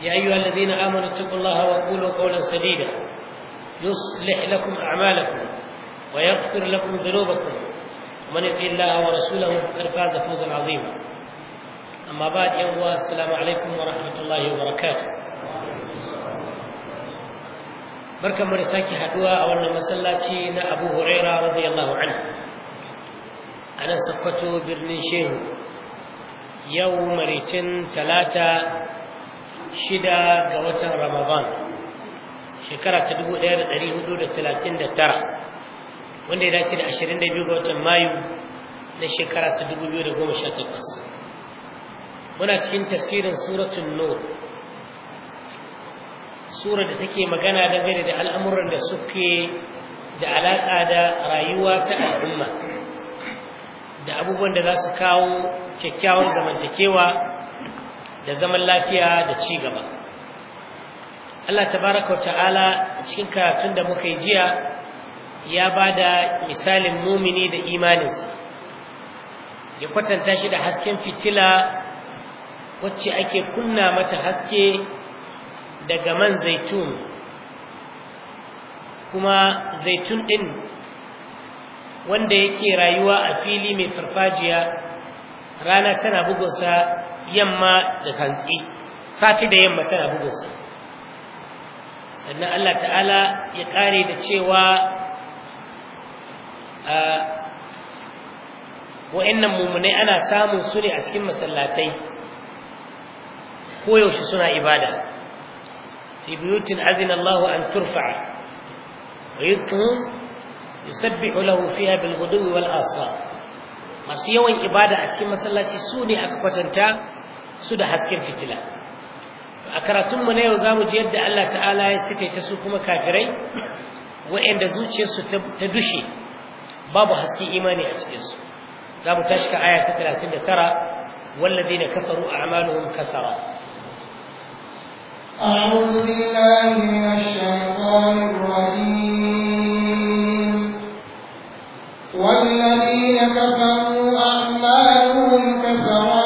يا أيها الذين آمنوا اتقوا الله وقولوا قولا سديدا يصلح لكم أعمالكم ويغفر لكم ذنوبكم ومن يطع الله ورسوله فقد فاز فوزا عظيما أما بعد يوم السلام عليكم ورحمة الله وبركاته barkan mu da sake haduwa a wannan masallaci na Abu Huraira radiyallahu anhu ana sakwato birnin Shehu yau maricin talata shida ga watan ramadan shekara ta 1439 wanda ya dace da 22 ga watan mayu na shekara ta 2018 muna cikin tafsirin suratun nur sura da take magana dangane da al'amuran da suke da alaƙa da rayuwa ta al'umma da abubuwan da za su kawo kyakkyawar zamantakewa da zaman lafiya da ci gaba Allah tabaraka wa ta'ala cikin karatun da muka yi jiya ya ba da misalin mumini da imaninsa ya kwatanta shi da hasken fitila wacce ake kunna mata haske daga man zaitun kuma zaitun ɗin, wanda yake rayuwa a fili mai farfajiya rana tana bugunsa yamma da santsi sati da yamma tana bugunsa sannan Allah ta'ala ya kare da cewa ah, wa'annan mummunai ana samun su ne a cikin masallatai koyaushe suna ibada fi buyutin azin Allah an turfa wa yuzkuru yusabbihu lahu fiha bil ghudwi wal asa. masu yawan ibada a cikin masallaci su ne aka kwatanta su da hasken fitila a karatunmu na yau za mu ji yadda Allah ta'ala ya sifaita su kuma kafirai waɗanda zuciyarsu ta dushe babu hasken imani a cikinsu za mu tashi ka aya ta talatin da tara wallazi na kafaru a amaluhun kasara والذين كفروا أعمالهم كسراب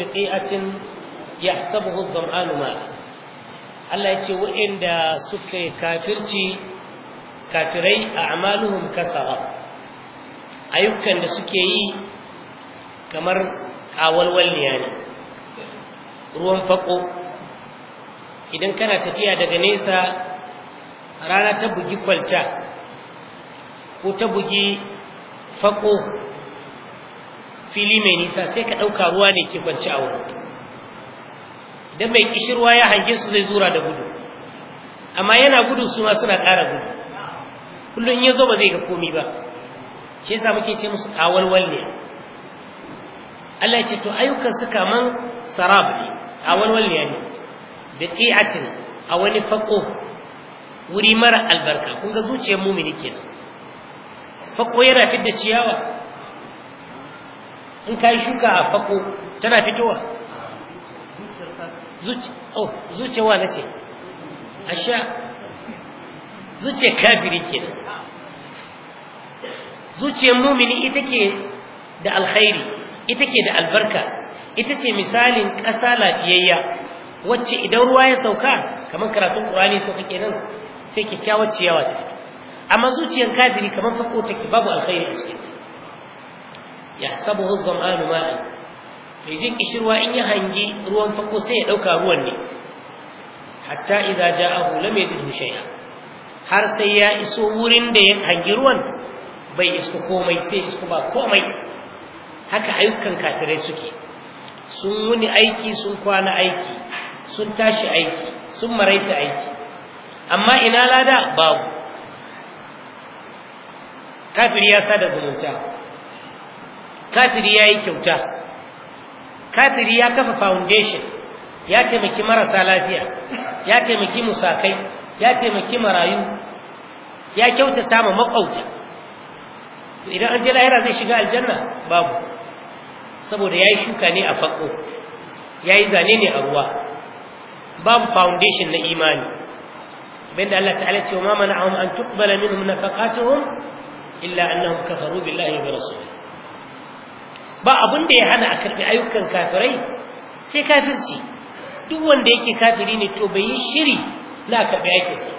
biqi'atin yahsabuhu adh ma Allah yace wa'inda suka kafirci kafirai a'maluhum kasara ayyukan da suke yi kamar kawalwalniya ne ruwan fako idan kana tafiya daga nesa rana ta bugi kwalta ko ta bugi fako fili mai nisa sai ka ɗauka ruwa ne ke kwanci a wurin idan mai kishirwa ya hange su zai zura da gudu amma yana gudu su ma suna ƙara gudu kullum ya zo ba zai ga komi ba shi yasa muke ce musu awalwal ne Allah ya ce to ayyukan su kaman sarab ne awalwal ne ne da qi'atin a wani fako wuri mara albarka kun ga zuciyar mumini kenan fako yana fidda ciyawa in ka yi shuka a fako tana fitowa oh, wa na ce a sha zuce kafiri nan zuciyar mumini ita ke da alkhairi ita ke da albarka ita ce misalin ƙasa lafiyayya wacce idan ruwa ya sauka kamar karatun ƙurani sauka nan, sai kyakkyawar ciyawa ta amma zuciyar kafiri kamar fako take babu alkhairi a cikinta yahsabuhu az-zam'anu ma'a mai jin kishirwa in ya hangi ruwan fako sai ya dauka ruwan ne hatta idza ja'ahu lam yajidhu shay'a har sai ya iso wurin da ya hangi ruwan bai isko komai sai isku ba komai haka ayyukan kafirai suke sun wuni aiki sun kwana aiki sun tashi aiki sun maraita aiki amma ina lada babu kafiri ya sada zumunta kafiri ya yi kyauta kafiri ya kafa foundation ya taimaki marasa lafiya ya taimaki musakai ya taimaki marayu ya kyautata ma makauta idan an je lahira zai shiga aljanna babu saboda ya yi shuka ne a fako ya yi zane ne a ruwa babu foundation na imani bayan da Allah ta'ala ce wa ma an tuqbala minhum nafaqatuhum illa annahum kafaru billahi wa rasulihi ba abin da ya hana a karɓi ayyukan kafirai sai kafirci duk wanda yake kafiri ne to bai yi shiri na karɓi aikinsa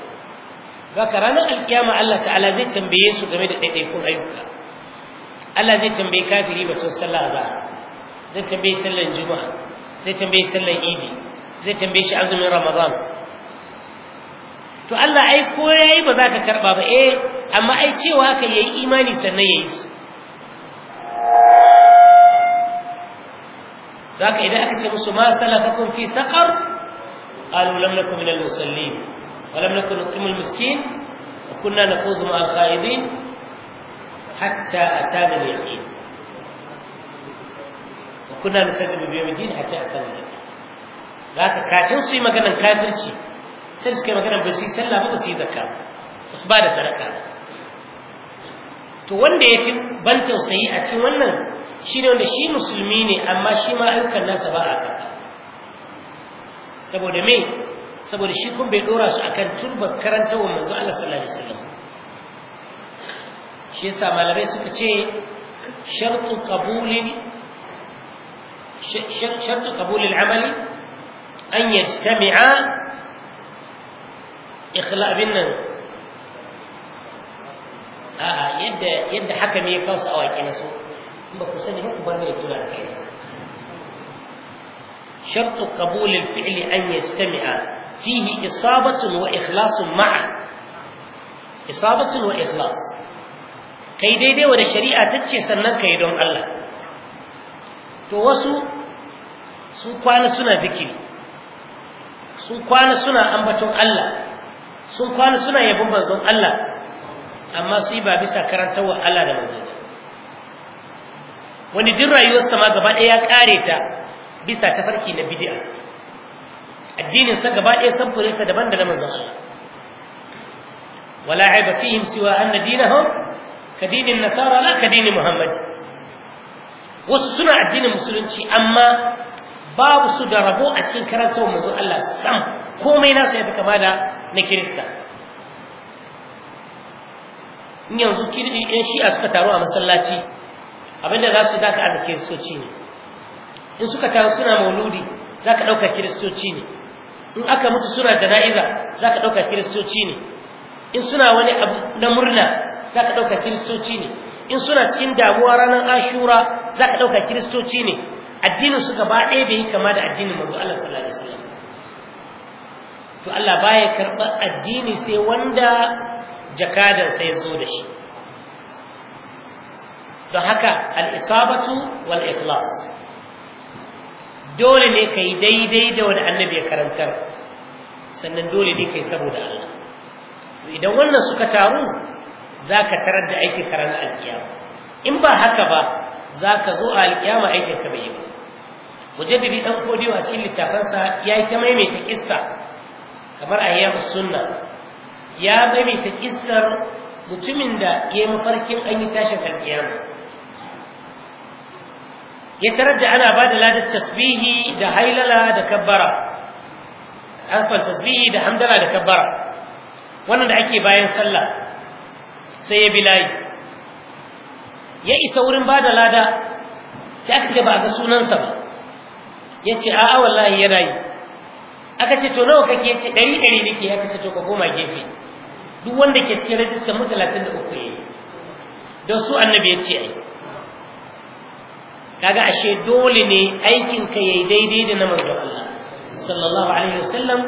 ba ka ranar alkiyama Allah ta'ala zai tambaye su game da ɗaiɗaikun ayyuka Allah zai tambaye kafiri ba sun sallah za zai tambaye sallan juma'a zai tambaye sallan idi zai tambaye shi azumin ramadan to Allah ai ko yayi ba za ka karɓa ba eh amma ai cewa ka yayi imani sannan yayi su zaka idan aka ce musu ma salakakum fi saqar qalu lam nakum minal musallin wa lam nakum nut'imul miskin wa kunna nakhudhu ma'al khaidin hatta atana al-yaqin wa kunna nukadibu bi yawmiddin hatta atana al-yaqin zaka kafin su yi maganar kafirci sai suka yi maganar ba su yi sallah ba ba su yi zakka ba su ba da sadaka to wanda ya fi ban tausayi a cikin wannan shi ne wanda shi musulmi ne amma shi ma ayyukan nasa ba a kafa saboda me saboda shi kun bai dora su akan karanta wa manzo Allah sallallahu alaihi wasallam shi yasa malamai suka ce shartu qabuli shartu qabuli al-amali an yajtami'a ikhla' binna a'a yadda yadda haka me ya kawo su awaki na su in ba ku sani ba ku bar tura da kai shartu qabul al-fi'l an yajtami'a fihi isabatun wa ikhlasun ma'a isabatun wa ikhlas kai daidai wa da shari'a tace sannan kai don Allah to wasu su kwana suna sun kwana suna ambaton Allah sun kwana suna yabon manzon Allah amma su yi ba bisa karantar wa Allah da manzon wani duk rayuwarsa ma gaba ɗaya ya ƙare ta bisa tafarki na Addinin addininsa gaba ɗaya samfurinsa daban da na Allah wala aiba fihim siwa anna dinahum ka dinin nasara la ka dinin muhammad wasu suna addinin musulunci amma babu su da rabo a cikin karantar manzon Allah sam komai nasu ya fi kama da na kirista in yanzu yan shi'a suka taru a masallaci abinda za su daka a kiristoci ne in suka taru suna mauludi za ka ɗauka kiristoci ne in aka mutu suna jana'iza za ka ɗauka kiristoci ne in suna wani abu na murna za ka ɗauka kiristoci ne in suna cikin damuwa ranar ashura za ka ɗauka kiristoci ne addinin su gaba ɗaya bai yi kama da addinin manzo Allah sallallahu alaihi wasallam to Allah baya karɓar addini sai wanda jakadan sai ya zo da shi don haka al-isabatu wal ikhlas dole ne yi daidai da wani annabi ya karantar sannan dole ne kai saboda Allah idan wannan suka taru zaka tarar da aikin karan alkiyama in ba haka ba zaka zo alkiyama aikin ka bai ba mujaddibi ɗan kodiyo a cikin littafansa yi ta maimaita kissa kamar a ayyamus sunna ya maimaita kissar mutumin da ya mafarkin an yi tashin alkiyama ya tarar da ana ba da ladar tasbihi da hailala da kabbara asfal tasbihi da hamdala da kabbara wannan da ake bayan sallah sai ya bi layi ya isa wurin ba da lada sai aka ce ba a ga sunansa ba ya ce a'a wallahi yana yi aka ce to nawa kake ce ɗari ɗari nake aka ce to ka koma gefe duk wanda ke cikin rajistar mu talatin da uku ya yi don su annabi ya ce a yi kaga ashe dole ne aikin ka yayi daidai da na manzon Allah sallallahu alaihi wasallam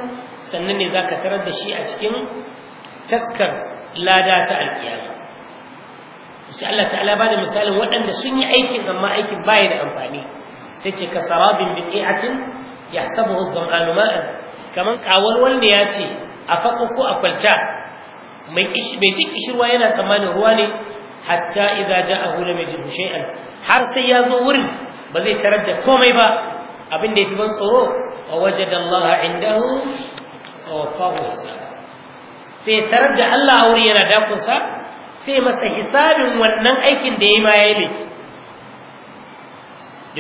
sannan ne zaka tarar da shi a cikin taskar lada ta alkiyama sai Allah ta'ala bada misalin waɗanda sun yi aikin amma aikin baya da amfani sai ce ka sarabin bi'atin yahsabuhu az-zam'anu ma'an kaman kawar wanda ya ce a fako ko a kwalta mai cin kishirwa yana tsammanin ruwa ne hatta idza ja'ahu lam yajidhu shay'an har sai ya zo wurin ba zai tarar da komai ba abin da yafi ban tsoro wa wajada Allah indahu wa wafahu sai tarar da Allah a wuri yana dakunsa sai masa hisabin wannan aikin da yayi ma yayi ne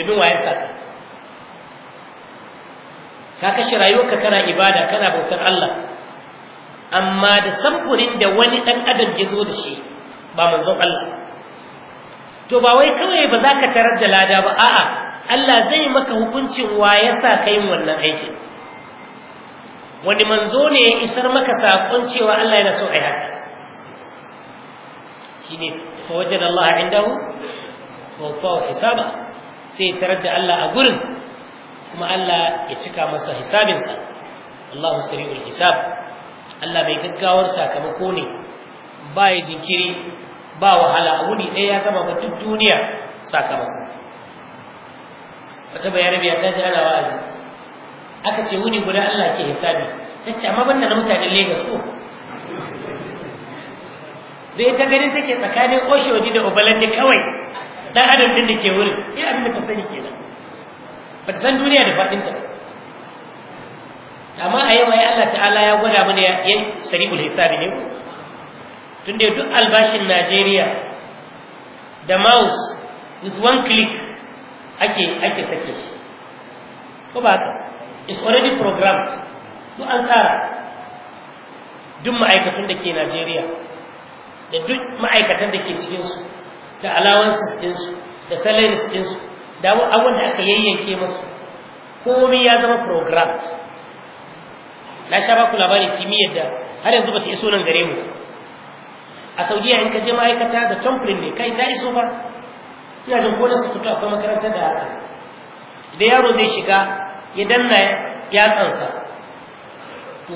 domin waye saka ka kashe rayuwarka kana ibada kana bautar Allah amma da samfurin da wani ɗan adam ya zo da shi ba manzon Allah to ba wai kawai ba za ka tarar da lada ba a'a Allah zai maka hukuncin wa yasa kai wannan aikin wani manzo ne ya isar maka saƙon cewa Allah yana so ai haka shine wajen Allah indahu wa hisaba sai tarar da Allah a gurin kuma Allah ya cika masa hisabinsa Allahu sari'ul hisab Allah mai gaggawar sakamako ne ba ya jinkiri ba wahala a wuni ɗaya ya gama ba duk duniya sakamako wata bayarabiya ta ji ana wa'azi aka ce wuni guda Allah ke hisabi ta ce amma banda na mutanen Lagos ko da ita ganin take tsakanin Oshodi da Obalande kawai dan adam din da ke wurin ya abin da ka sani kenan ba ta san duniya da faɗinta ba amma a yau ya Allah ta'ala ya gwada mana ya sarihul hisabi ne Tun tunda duk albashin Najeriya da maus with one click ake ake sake shi ko ba ka is already programmed duk an tsara duk ma'aikatan da ke Najeriya da duk ma'aikatan da ke cikinsu da allowances ɗinsu da salaries ɗinsu da abubuwan da aka yayyanke musu komai ya zama programmed na sha ba ku labarin kimiyyar da har yanzu ba ta iso nan gare mu a saudiya in ka je ma'aikata da tamfulin ne kai ta iso ba ina jin kone su fito akwai makarantar da haka idan yaro zai shiga ya danna yatsansa to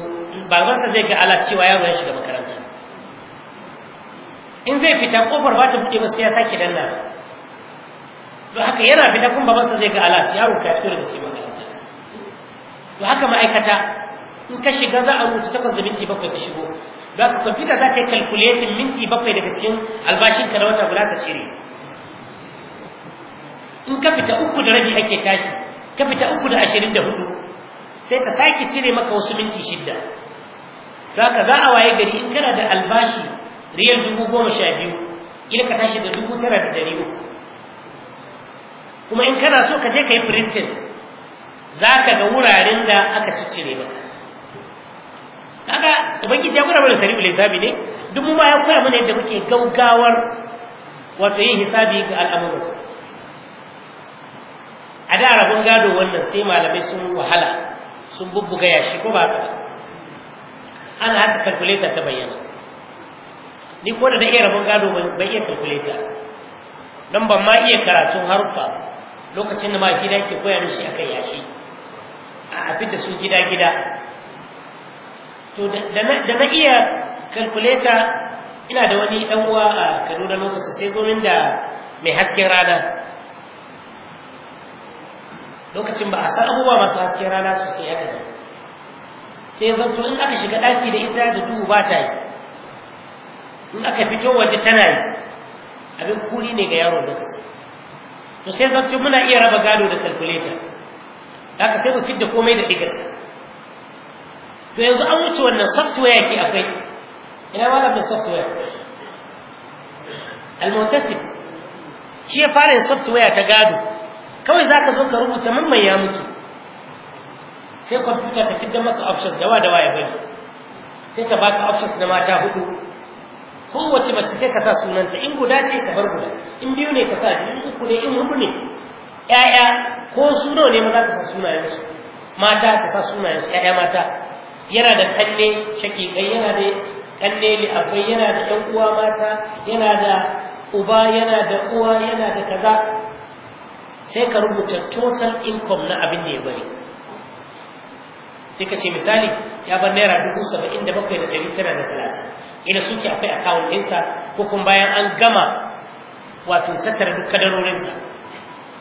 babansa zai ga Ala cewa yaro ya shiga makaranta in zai fita kofar ba ta buɗe ba sai ya sake danna to haka yana fita kuma babansa zai ga alas yaro ka fito daga cikin makaranta to haka ma'aikata in ka shiga za a rubuta takwas da minti bakwai ka shigo za ka kwamfuta za ta yi calculating minti bakwai daga cikin albashin ka na wata guda ka cire in ka fita uku da rabi ake tashi ka fita uku da ashirin da hudu sai ka sake cire maka wasu minti shidda za ka za a waye gari in kana da albashi riyal dubu goma sha biyu ila ka tashi da dubu tara da dari uku kuma in kana so ka je ka yi printing za ka ga wuraren da aka ciccire maka kaga ubangiji ya gwada mana sari'ul hisabi ne duk mu ba ya koya mana yadda muke gaugawar wato yin hisabi ga al'amuran a da rabon gado wannan sai malamai sun wahala sun bubbuga yashi ko ba ka ana haka calculator ta bayyana ni ko da iya rabon gado bai iya calculator don ban ma iya karatun harfa lokacin da ma da ke koya mishi akan yashi a afid da su gida-gida to da na iya kalkuleta ina da wani uwa a kaduna lokacin sai zo min da mai hasken rana lokacin ba a san abubuwa masu hasken rana sosai haka ne sai zan in aka shiga ɗaki da ita da duhu ba ta yi in aka fito waje tana yi abin kuri ne ga yaro lokacin to sai zanto muna iya raba gado da kalkuleta haka sai mu fidda komai da ɗigar to yanzu an wuce wannan software ke akwai ina ma da software al-muntasib shi ya fara software ta gado kawai zaka zo ka rubuta mamman ya mutu sai computer ta fidda maka options da wa da wa ya bari sai ta baka options na mata hudu kowace mace sai ka sa sunanta in guda ce ka bar guda in biyu ne ka sa in uku ne in hudu ne ƴaƴa ko su nawa ne maza ka sa sunayensu mata ka sa sunayensu ƴaƴa mata yana da kanne kai yana da kanne Akwai yana da ƴan uwa mata yana da uba yana da uwa yana da kaza sai ka rubuta total income na abin da ya bari sai ka ce misali ya bar naira dubu saba'in da bakwai da ɗari tara da talatin ina suke akwai akawun ɗinsa ko kuma bayan an gama wato tattara duk kadarorinsa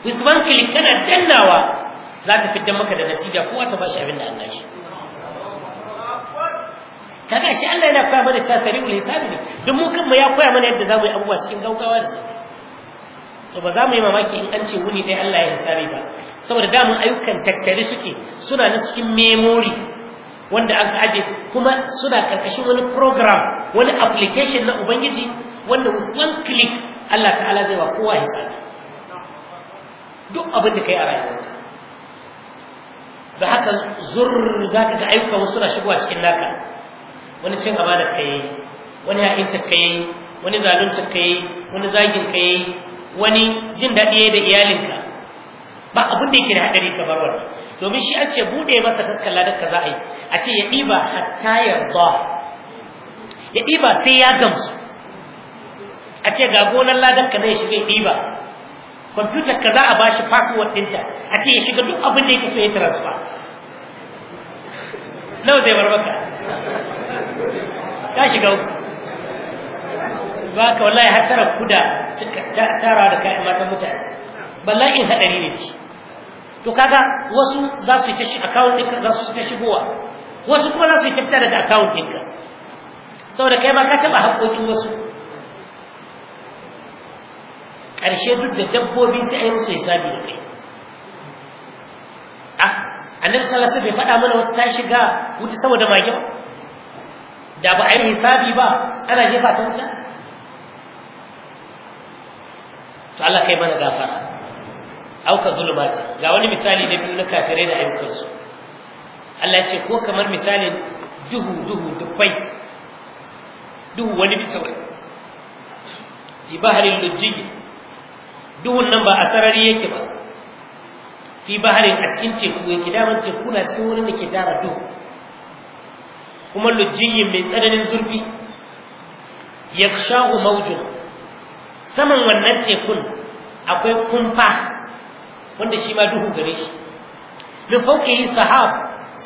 wisman tana dannawa za ta fitar maka da natija kowa ta bashi abin da an gashi kaga shi Allah yana koya mana cewa sari'ul hisabi ne don mu kanmu ya koya mana yadda zamu yi abubuwa cikin gaugawa da sauri so ba za mu yi mamaki in an ce wuni ɗaya Allah ya hisabi ba saboda damun ayyukan tattare suke suna na cikin memory wanda an aje kuma suna karkashin wani program wani application na ubangiji wanda with one click Allah ta'ala zai wa kowa hisabi duk abin da kai a rayuwarka da haka zur za ka ga ayyukan wasu na shigowa cikin naka wani cin amana ka yi wani ha'inta ka yi wani zalunta ka yi wani zagin ka yi wani jin daɗi da iyalinka ba abin da yake da haɗari bar wani. domin shi an ce buɗe masa taskar ladar ka za a yi a ce ya ɗiba hatta ba ya ɗiba sai ya gamsu a ce ga gonar ladar ka na ya shiga ɗiba kwamfutar ka za a bashi password ɗinta a ce ya shiga duk abin da yake so ya transfer nawa zai bar maka ka shiga uku ba ka wallahi har tara kuda tara da kayan matan mutane ballakin in hadari ne shi to kaga wasu za su yi ta shi account ɗinka za su ta shigowa wasu kuma za su yi ta fitar da account ɗinka saboda kai ma ka taɓa haƙoƙin wasu ƙarshe duk da dabbobi sai an musu hisabi da kai ah, annabi sallallahu alaihi wasallam bai faɗa mana wasu ta shiga wuta saboda mage ba da ba a yi hisabi ba ana jefa ta wuta to Allah kai mana gafara auka zulma ce ga wani misali na biyu na kafirai da ayyukansu Allah ce ko kamar misalin duhu duhu dubbai duhu wani bisa wani fi baharin lujjiyi duhun nan ba a sarari yake ba fi baharin a cikin teku yake daman teku na cikin wurin da ke dara duhu kuma lujjiyi mai tsananin zurfi Ya yakshahu mawjun saman wannan tekun akwai kumfa wanda shi ma duhu gare shi min yi sahab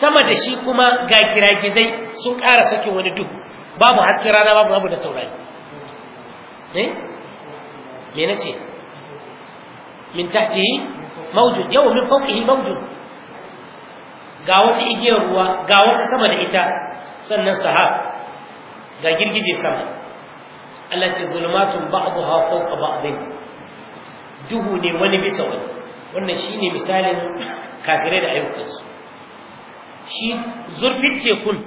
sama da shi kuma ga kiragizai sun ƙara sakin wani duhu babu hasken rana babu abu da taurari eh me ce min yi mawjun yau min yi mawjun ga wata igiyar ruwa ga wata sama da ita sannan sahab ga girgije sama Allah ce zulmatun ha fawqa ba'din duhu ne wani bisa wani wannan shine misalin kafire da ayyukansu shi zurfin tekun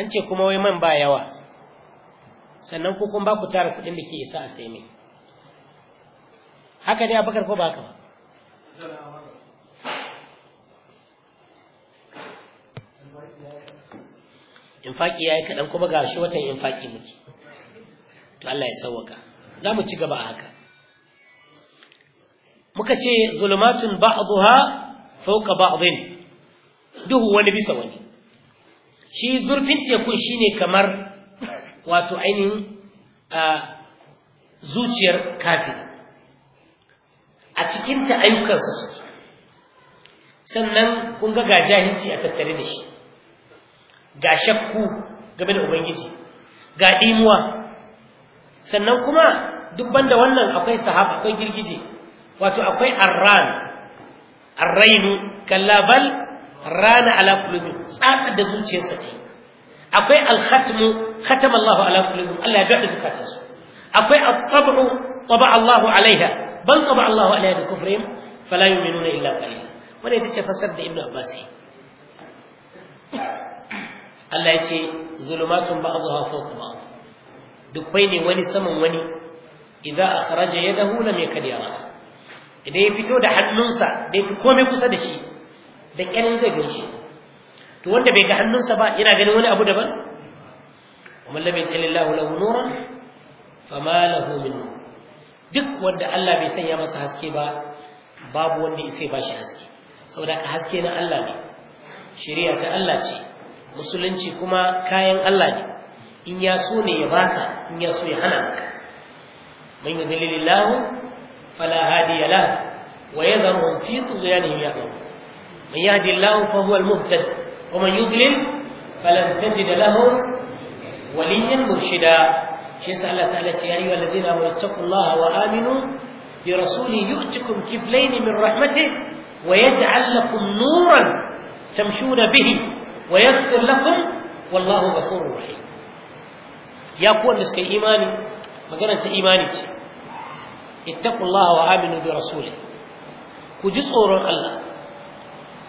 an ce kuma wai man ba yawa sannan ko kun ba ku tara kuɗin da ke isa a sai mai haka dai abakar ko ba haka ba infaki yi kaɗan kuma ga shi watan infaki muke to Allah ya sauwaka za mu ci gaba a haka muka ce zulumatun ba'dha fawqa ba'dhin duhu wani bisa wani shi zurfin tekun shi ne kamar wato ainihin zuciyar kafin a cikinta ayyukansa su sannan kun ga ga jahilci a tattare da shi ga shakku game da ubangiji ga dimuwa sannan kuma duk banda wannan akwai sahab akwai girgije wato akwai arran arrainu kallabal rana ala qulubi tsaka da zuciyarsa ce akwai alkhatmu khatama Allahu ala Allah ya bi zukatansu akwai at-tab'u taba Allahu alaiha bal taba Allahu alaiha bi kufrihim fala yu'minuna illa qalila wannan ita ce fasar da Ibn Abbas yi Allah ya ce zulumatun ba'dha fawqa ba'd bai ne wani saman wani idza akhraja yadahu lam yakad yara idan ya fito da hannunsa da fi komai kusa da shi da kyanin zai gan shi to wanda bai ga hannunsa ba yana ganin wani abu daban ومن لم يجعل الله lahu نورا Fa له min duk wanda Allah bai sanya masa haske ba babu wanda isai ba shi haske saboda haske na Allah ne shari'a ta Allah ce musulunci kuma kayan Allah ne in ya so ne ya baka in ya so ya hana maka man yudlilillahu fala hadiya lahu wa fi tughyanihim yahdillahu fa huwa al wa man yudlil falan tajid murshida shi yasa Allah ta'ala ce ya ayyuhal ladina amanu taqullaha wa aminu bi rasuli yu'tikum kiflayn min rahmatihi wa yaj'al lakum nuran tamshuna bihi ويغفر لكم والله غفور رحيم يا كون نسك إيماني مقالة إيماني اتقوا الله وآمنوا برسوله كجسور الله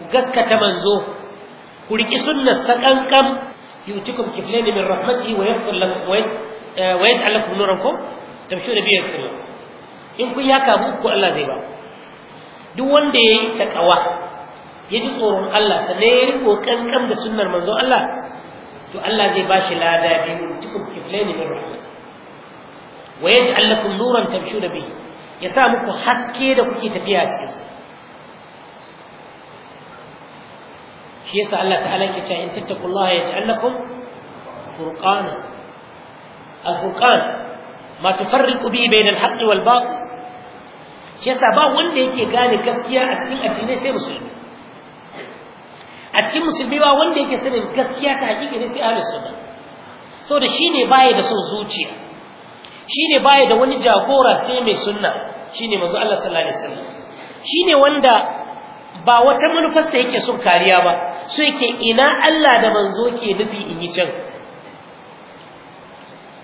وقسك تمنزوه كلك سنة سكنكم يؤتكم كفلين من رحمته ويغفر لكم ويجعل لكم نوركم تمشون به يغفر لكم in kun ya kabu ku Allah zai ba ku duk wanda yayi takawa ya ji tsoron Allah sannan ya riko kankan da sunnar manzo Allah to Allah zai ba bashi lada biyu cikin kiflaini min rahmati wa yaj'al lakum nuran tamshuna bihi ya sa muku haske da kuke tafiya cikin sa shi yasa Allah ta'ala ke cewa in tattaqullaha yaj'al lakum furqana al-furqan ma tufarriqu bihi bayna al-haqqi wal batil shi yasa ba wanda yake gane gaskiya a cikin addinai sai musulmi a cikin musulmi ba wanda yake sanin gaskiya ta hakika ne sai ahlus sunna saboda shine baya da son zuciya shine baya da wani jagora sai mai sunna shine manzo Allah sallallahu alaihi wasallam shine wanda ba wata manufarsa yake son kariya ba so yake ina Allah da manzo ke nufi in yi can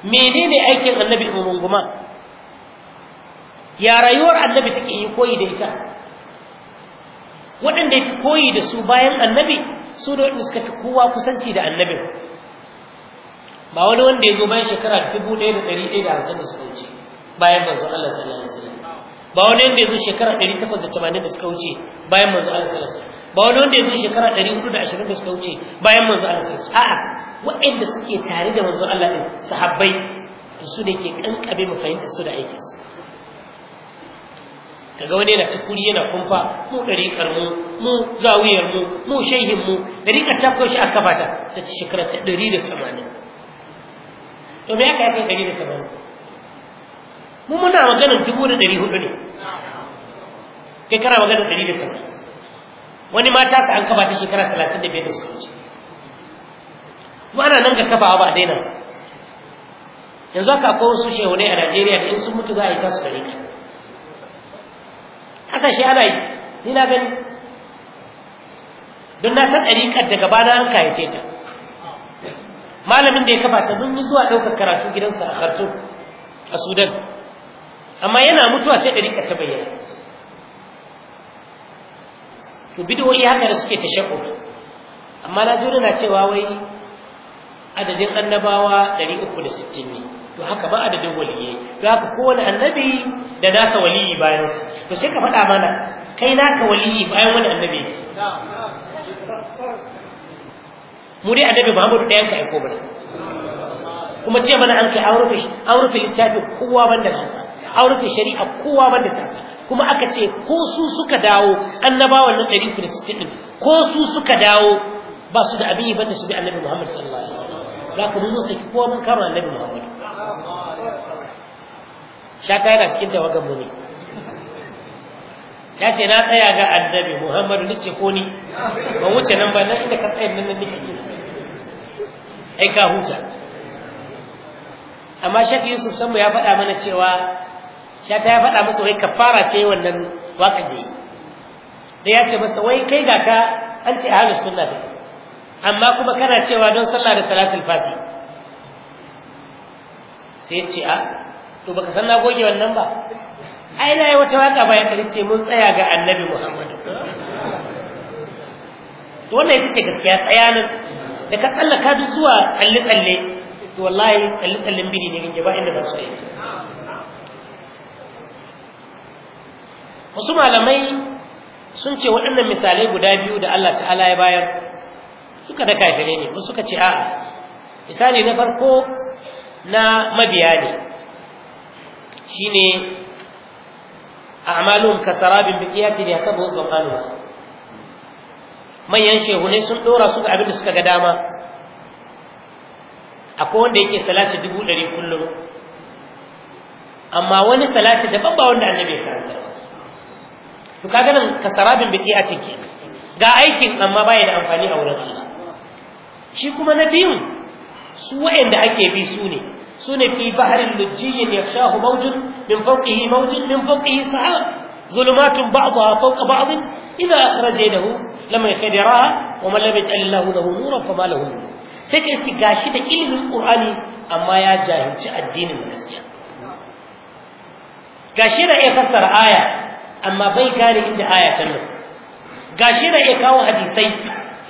menene aikin annabi mun guma ya rayuwar annabi take yi koyi da ita waɗanda ya fi koyi da su bayan annabi su da waɗanda suka fi kowa kusanci da annabin ba wani wanda ya zo bayan shekara dubu ɗaya da ɗari ɗaya da hamsin da suka wuce bayan manzo Allah sallallahu alaihi wasallam ba wani wanda ya zo shekara ɗari takwas da tamanin da suka wuce bayan manzo Allah sallallahu alaihi wasallam ba wani wanda ya zo shekara ɗari hudu da ashirin da suka wuce bayan manzo Allah sallallahu alaihi wasallam a'a waɗanda suke tare da manzo Allah ɗin sahabbai su ne ke ƙanƙabe mafahimtar su da aikinsu kaga wani yana tukuri yana kumfa mu dariƙar mu mu zawiyar mu mu shehin mu dariƙar ta kwashi aka bata sai ta shekara ta 180 to me aka yi 180 mu muna maganar hudu ne kai kana maganar 170 wani mata sa an kaba ta shekara talatin da da suka wuce mu ana nan ga kafawa ba daina yanzu haka akwai wasu shehunai a Najeriya da in sun mutu za a yi tasu dariƙa kasashe ana yi ni gani don na san ɗariƙar daga bana an kayace ta malamin da ya kafa ta mun yi zuwa ɗaukar karatu gidansa a khartoum a sudan amma yana mutuwa sai ɗariƙar ta bayyana to bidiyoyi haka da suke ta shaɓo amma na jure na cewa wai adadin annabawa 360 ne to haka ba adadin waliyai to haka kowane annabi da nasa waliyi bayan sa to sai ka faɗa mana kai naka waliyi bayan wani annabi ne mu dai annabi Muhammadu da ka aiko bane kuma ce mana an kai an rufe an littafi kowa banda nasa an shari'a kowa banda nasa kuma aka ce ko su suka dawo annabawan nan 360 ko su suka dawo ba su da abin yi banda su bi annabi Muhammad sallallahu alaihi wasallam za ka mun ki, kowa mun kama annabi muhammadu shaka yana cikin wagan mu ne ya ce na tsaya ga annabi muhammadu ni ce ko ni ba wuce nan ba nan inda ka tsaya nan nake ai ka huta amma shaka yusuf sanmu ya faɗa mana cewa shata ya faɗa masa wai kafara ce wannan waƙa da yi da ya ce masa wai kai ga ka an ce ahlus sunna da amma kuma kana cewa don sallah da salatul fati sai ya ce a to baka san na goge wannan ba ai na yi wata waka bayan ka ce mun tsaya ga annabi muhammadu to wannan ita ce gaskiya tsayanin da ka tsallaka duk zuwa tsalle-tsalle to wallahi tsalle-tsallen biri ne rinke ba inda za su yi wasu malamai sun ce waɗannan misalai guda biyu da Allah ta'ala ya bayar suka na kafirai ne wasu suka ce a'a misali na farko na mabiya ne shine a'malun kasarabin biqiyatin yasabu zamanu manyan ne sun dora su ga abin da suka ga dama akwai wanda yake salati dubu ɗari kullum amma wani salati daban babba wanda annabi ya karanta ba to kaga nan kasarabin biqiyatin ke ga aikin amma baya da amfani a wurin Allah shi kuma na biyun su wa'anda ake bi su ne su ne fi baharin lujjiyin yakshahu mawjun min fawqihi mawjun min fawqihi sahab zulumatun ba'daha fawqa ba'd idza akhraja yadahu lam yakhdiraha wa man lam yaj'al lahu lahu nuran fama lahu sai ka iski gashi da ilimin ƙur'ani, amma ya jahilci addinin gaskiya gashi na iya fassara aya amma bai gane inda aya ta nufi gashi na iya kawo hadisai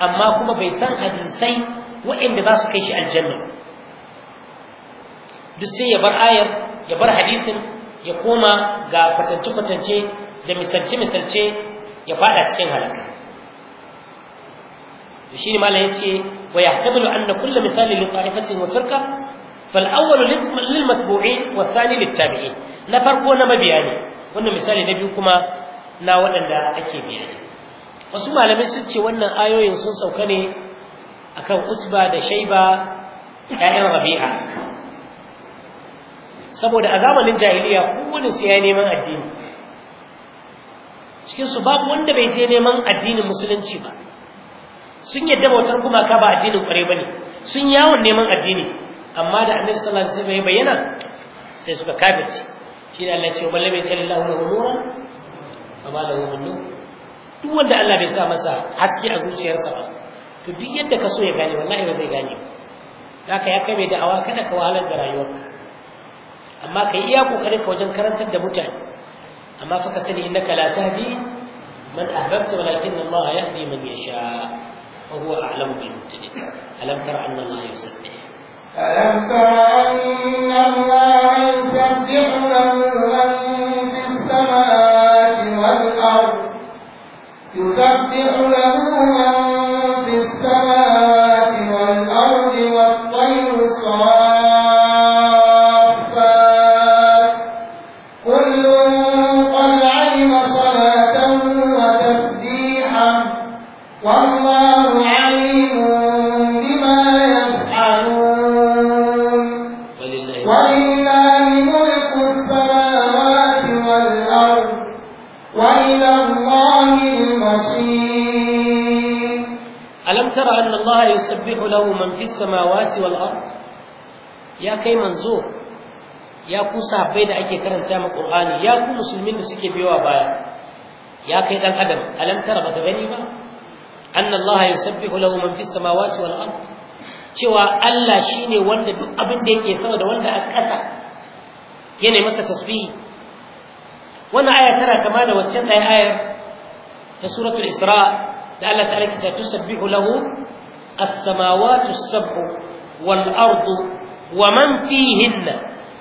amma kuma bai san hadisai waɗanda za su kai shi aljanna duk sai ya bar ayar ya bar hadisin ya koma ga kwatance-kwatance da misalce-misalce ya fada cikin halaka da shi ne malam yace wa yahtamilu anna kull misali li wa firqa fal lil matbu'in wa na farko na mabiya ne wannan misali na biyu kuma na waɗanda ake biya ne wasu malamai sun ce wannan ayoyin sun sauka ne akan utba da shaiba ƴaƴan rabi'a saboda a zamanin jahiliya kowane su ya neman addini cikin su babu wanda bai je neman addinin musulunci ba sun yadda bautar gumaka ba addinin kware ne. sun yawon neman addini amma da annabi sallallahu alaihi wasallam ya bayyana sai suka kafirce shi ne Allah ya ce wallahi bai alaihi wasallam nuran amma lahu min duk wanda Allah bai sa masa haske a zuciyarsa ba to duk yadda ka so ya gane wallahi ba zai gane ba haka ya kai mai da'awa kada ka wahalar da rayuwar. amma ka yi iya kokarin ka wajen karantar da mutane amma fa ka sani innaka la tahdi man ahbabta walakin Allah yahdi man yasha wa huwa a'lamu bil muhtadin alam tara anna Allah yusabbihu alam tara anna Allah yusabbihu نسبح له من Allah yusabbihu lahu man fis samawati wal ard ya kai manzo ya ku da ake karanta ma Qur'ani ya ku musulmin da suke biyowa baya ya kai dan adam alam tara baka gani ba anna Allah yusabbihu lahu man fis samawati wal ard cewa Allah shine wanda duk abin da yake sama da wanda a ƙasa yana masa tasbihi wannan aya tana kama da waccan ɗaya ayar ta suratul isra da Allah ta ke ta tusabbihu lahu السماوات السبع والأرض ومن فيهن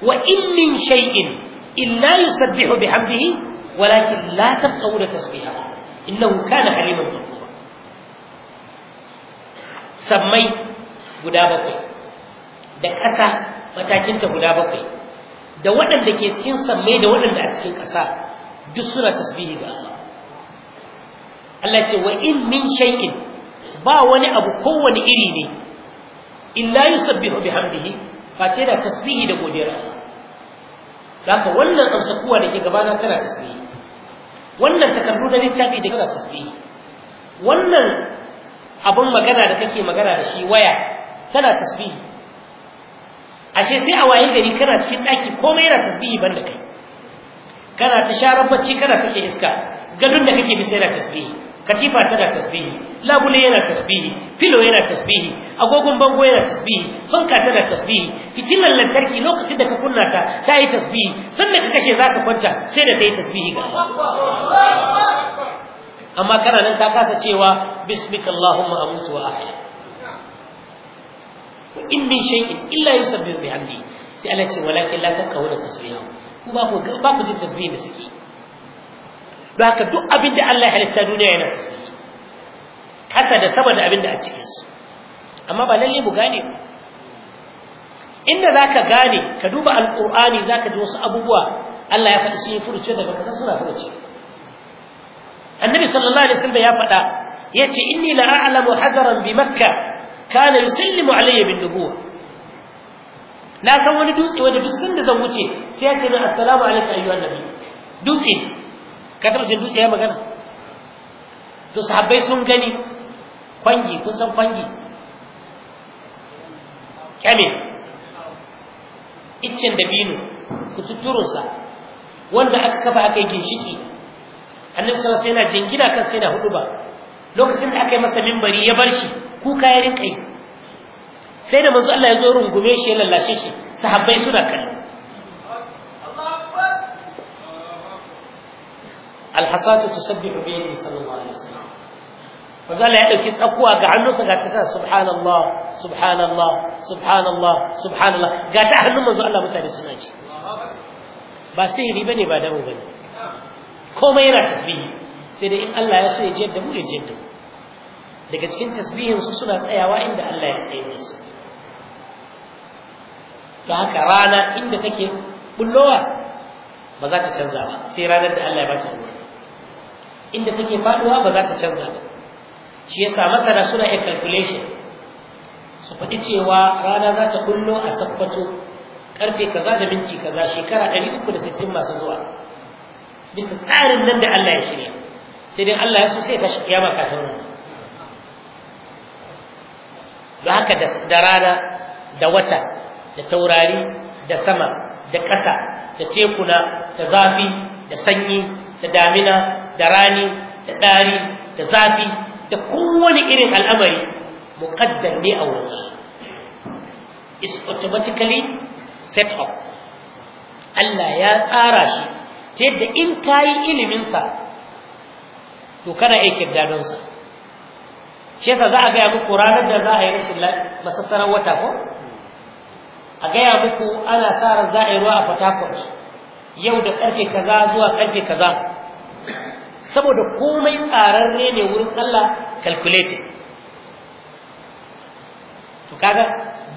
وإن من شيء إلا يسبح بحمده ولكن لا تبقون تسبيحه إنه كان حليما غفورا سمي guda bakwai da ƙasa matakinta guda bakwai da waɗanda ke cikin sammai da waɗanda a cikin ƙasa duk suna tasbihi ga Allah Allah ce wa in min shay'in ba wani abu kowane iri ne illa yusabbihu bihamdihi face da tasbihi da godiyar Da haka wannan amsakuwa da ke gabana tana tasbihi wannan takardu na littafi da tana tasbihi wannan abun magana da kake magana da shi waya tana tasbihi ashe sai a waye gari kana cikin daki komai yana tasbihi banda kai kana ta sharar bacci kana sake iska gadon da kake bisa yana tasbihi katifa tana tasbihi labule yana tasbihi filo yana tasbihi agogon bango yana tasbihi fanka tana tasbihi fitilar lantarki lokacin da ka kunna ta ta yi tasbihi sannan ka kashe za ka kwanta sai da ta yi tasbihi ga amma kana nan ka kasa cewa bismika amutu wa ahya wa in min shay'in illa yusabbihu bihamdi sai Allah ce walakin la takawuna tasbihu ku ba ku ba ku jin tasbihi da suke don haka duk abin da Allah ya halitta duniya yana kasa da sama da abin da a cikin su amma ba lalle mu gane inda zaka gane ka duba alqur'ani zaka ji wasu abubuwa Allah ya faɗi sun yi furuce daga baka suna furuce annabi sallallahu alaihi wasallam ya faɗa yace inni la a'lamu hazaran bi makkah kana yusallimu alayya bin nubuwah na san wani dutse wanda duk sun da zan wuce sai ya ce min assalamu alaikum ayyuhan nabi dutse ka taɓa jin dutse ya magana to sahabbai sun gani kwangi kun san kwangi kyale iccen dabino ku tutturunsa wanda aka kafa aka yi ginshiki annabi sallallahu alaihi wasallam yana jingina kan sai na hudu ba lokacin da aka yi masa mimbari ya bar shi kuka ya rinka yi sai da manzo Allah ya zo rungume shi ya lallashe shi sahabbai suna kallo alhasatu tusabbihu bihi sallallahu alaihi wasallam fazala ya dauki tsakuwa ga hannunsa ga ta subhanallah subhanallah subhanallah subhanallah ga ta hannun manzo Allah mutane suna ci ba sihiri bane ba dawo bane komai yana tasbihi sai dai in Allah ya so ya jiyar da mu ya jiyar da mu daga cikin tasbihin su suna tsayawa inda Allah ya tsaye musu ta haka rana inda take bullowa ba za ta canza ba sai ranar da Allah ya ba ta inda take faduwa ba za ta canza ba shi yasa masana suna yin calculation su faɗi cewa rana za ta kullo a sakkwato karfe kaza da minti kaza shekara 360 masu zuwa bisa tsarin nan da Allah ya shirya sai dai Allah ya so sai ta shi kiyama kafin haka da rana da wata da taurari da sama da ƙasa da tekuna da zafi da sanyi da damina da rani da ɗari da zafi da kowane irin al'amari muƙaddar ne a wuri. is automatically set up Allah ya tsara shi ta yadda in ka yi iliminsa to kana iya kirdadonsa shi yasa za a gaya muku ranar da za a yi rashin masassarar wata ko a gaya muku ana sa ran za a yi ruwa a Port yau da karfe kaza zuwa ƙarfe kaza saboda komai tsararre ne wurin Allah calculated to kaga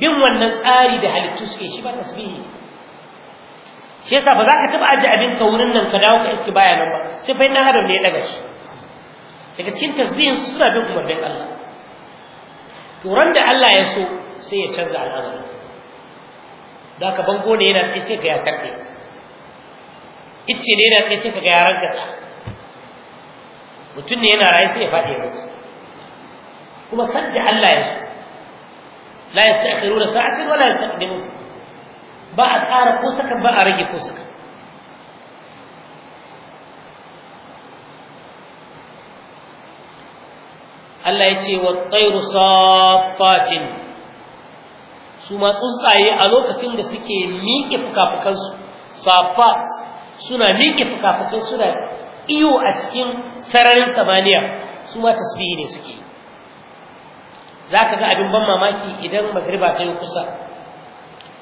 bin wannan tsari da halittu suke shi ba tasbihi shi yasa ba za ka taba aje abin ka wurin nan ka dawo ka iski baya nan ba sai fa na adam ne ya daga shi daga cikin tasbihin su suna bin umarnin Allah to ran da Allah ya so sai ya canza al'amari da ka bango ne yana tsaye sai ka ya karbe ice ne yana tsaye sai ka ga yaran gasa mutum ne yana raye sai ya faɗi ya mutu kuma sadda Allah ya so la yasta'khiruna sa'atan wa la yastaqdimun ba a tsara ko saka ba a rage ko saka Allah ya ce wa tsairu safatin su ma tsuntsaye a lokacin da suke miƙe fukafukansu safat suna miƙe fukafukan suna iyo a cikin sararin samaniya su ma tasbihi ne suke za ka ga abin ban mamaki idan magriba ta yi kusa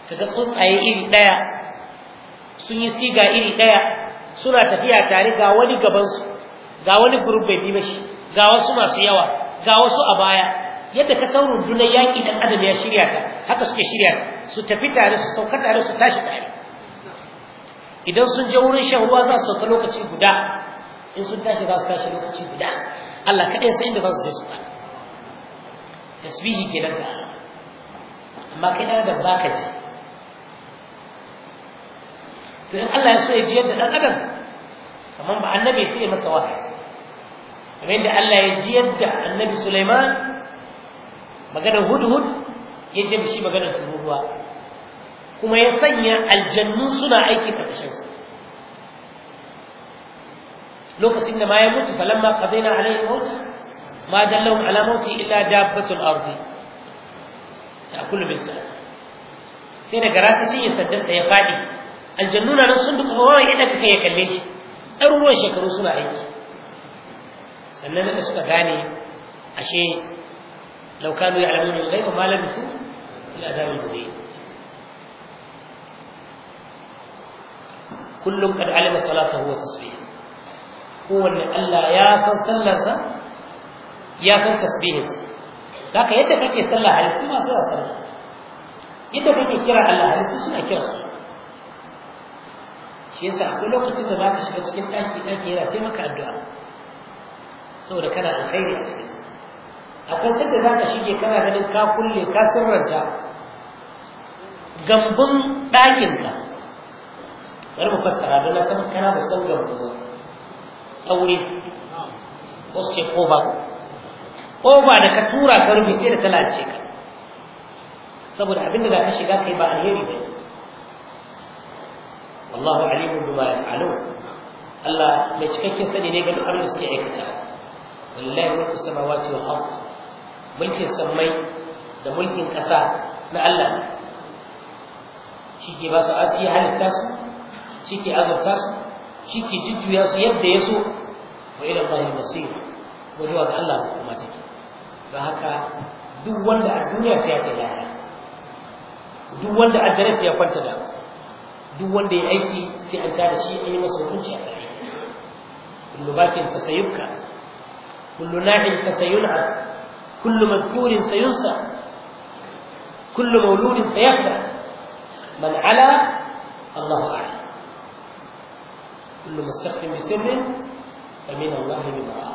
ka ga tsuntsaye iri ɗaya sun yi siga iri ɗaya suna tafiya tare ga wani gabansu ga wani gurub bai bi mashi ga wasu masu yawa ga wasu a baya yadda ka san rundunar yaƙi ɗan adam ya shirya ta haka suke shirya ta su tafi tare su sauka tare su tashi tare idan sun je wurin shan ruwa za su sauka lokaci guda in sun tashi za su tashi lokaci guda Allah kaɗai sai inda za su je su kwana tasbihi kenan da amma kai dan adam baka ji to in Allah ya so ya ji yadda dan adam kamar ba annabi sai masa wahayi kamar yadda Allah ya ji yadda annabi Sulaiman maganar hudhud ya ji da shi maganar tururuwa kuma ya sanya aljannu suna aiki karkashin sa lokacin da ma ya mutu falamma qadaina alaihi maut ma dallahum ala mauti illa dabbatul ardi ta'kulu min salat sai daga rata cinye saddarsa ya fadi aljannu na sun duka kowa idan kaka ya kalle shi Ɗan ruwan shekaru suna aiki sannan da suka gane ashe laukanu ya alamun gai ma malar su ila zamun gobe kullum kad alima salata huwa tasbih kowanne Allah ya san sallarsa ya san tasbihinsa haka yadda kake sallah halittu masu suna sallah yadda kake kira Allah halittu suna kira shi yasa akwai lokacin da baka shiga cikin ɗaki ɗaki yana maka addu'a saboda kana alkhairi a cikin akwai sanda za ka shige kana ganin ka kulle ka sirranta gambun ɗakinka bari mu fassara don na san kana da sauran gambo tsauri ko su ce ƙofa ƙofa da ka tura ka rufe sai da ta lalace ka saboda abinda za ta shiga kai ba alheri ba wallahu alimu bima yaf'alun Allah mai cikakken sani ne ga duk abin da suke aikata wallahi mulku samawati wal ard mulkin sammai da mulkin ƙasa na Allah shi ke ba su asiya halitta su shi ke azurta su shi ke jujjuya su yadda ya so wa ilan bayan masir wa zuwa ga Allah kuma take don haka duk wanda a duniya sai ya ce lahira duk wanda a dare sai ya kwanta da duk wanda ya aiki sai an tada shi an yi masa hukunci a kan aiki kullu bakin tasayubka kullu na'in tasayun'a kullu mazkurin sayunsa kullu mauludin sayabda man ala Allahu a'lam كل مستخدم بسر فمن الله راى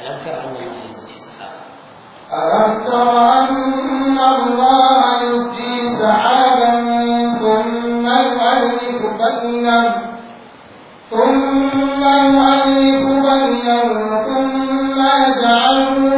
ألم تر أن الله يزكي سحابا ألم تر أن الله يزكي سحابا ثم يؤلف بينه ثم يؤلف بينه ثم يجعله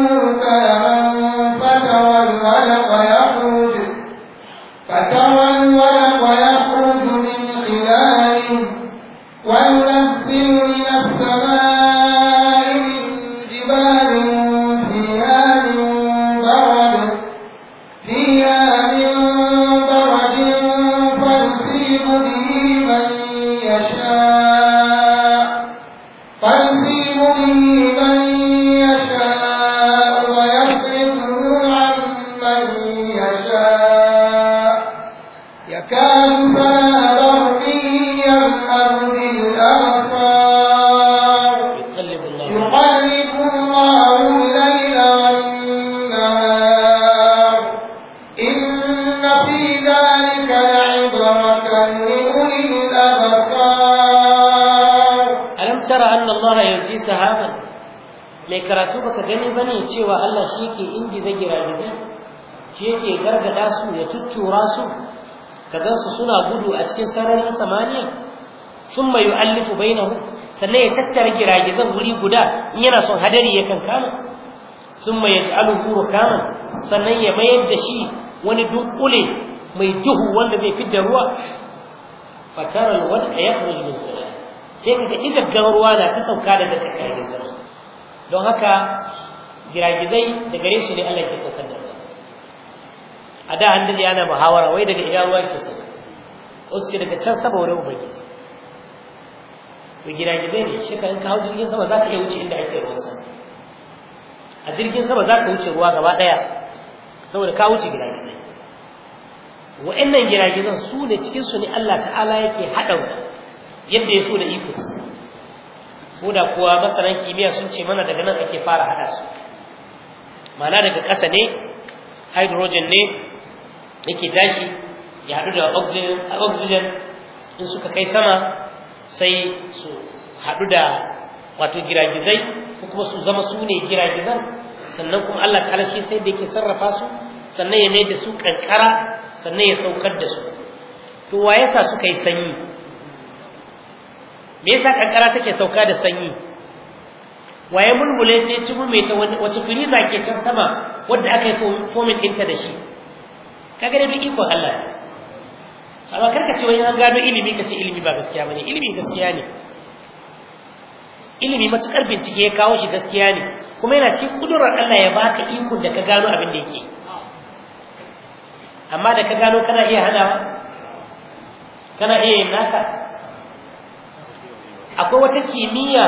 karatu baka gani bane cewa Allah shi yake ingiza giragizai shi yake gargada su ya tuttura su kaga su suna gudu a cikin sararin samaniya summa yu'allifu bainahu sannan ya tattara giragizan guri guda in yana son hadari ya kankama summa yaj'aluhu kama? sannan ya mayar da shi wani ule mai duhu wanda zai fidda ruwa fatara alwad yakhruj min sai kaga idan ruwa na ta sauka daga giragizan don haka giragizai da gare shi ne Allah ke saukar da su a da an dade ana muhawara wai daga iya ruwa ke sauka wasu ce daga can sama wurin ubangiji to giragizai ne shi kan kawo jirgin sama za ka iya wuce inda ake ruwan sama a jirgin sama za ka wuce ruwa gaba ɗaya saboda ka wuce giragizai wa'annan giragizan su ne cikinsu ne Allah ta'ala yake haɗa yadda ya so da ikonsu ko da kuwa masanan kimiyya sun ce mana daga nan ake fara haɗa su mana daga ƙasa ne hydrogen ne yake tashi ya haɗu da oxygen in suka kai sama sai su haɗu da wato giragizai ko kuma su zama su ne giragizan sannan kuma Allah ta'ala shi sai da yake sarrafa su sannan ya mai da su kankara sannan ya saukar da su to waye sa suka yi sanyi me yasa kankara take sauka da sanyi waye mulmule ce ci mai ta wace firiza ke can sama wadda aka yi fomin ɗinta da shi kaga da duk ikon Allah amma karka ce wani an gano ilimi ka ce ilimi ba gaskiya bane ilimi gaskiya ne ilimi matukar bincike ya kawo shi gaskiya ne kuma yana cikin kudurar Allah ya baka ikon da ka gano abin da yake amma da ka gano kana iya hadawa kana iya yin naka akwai wata kimiyya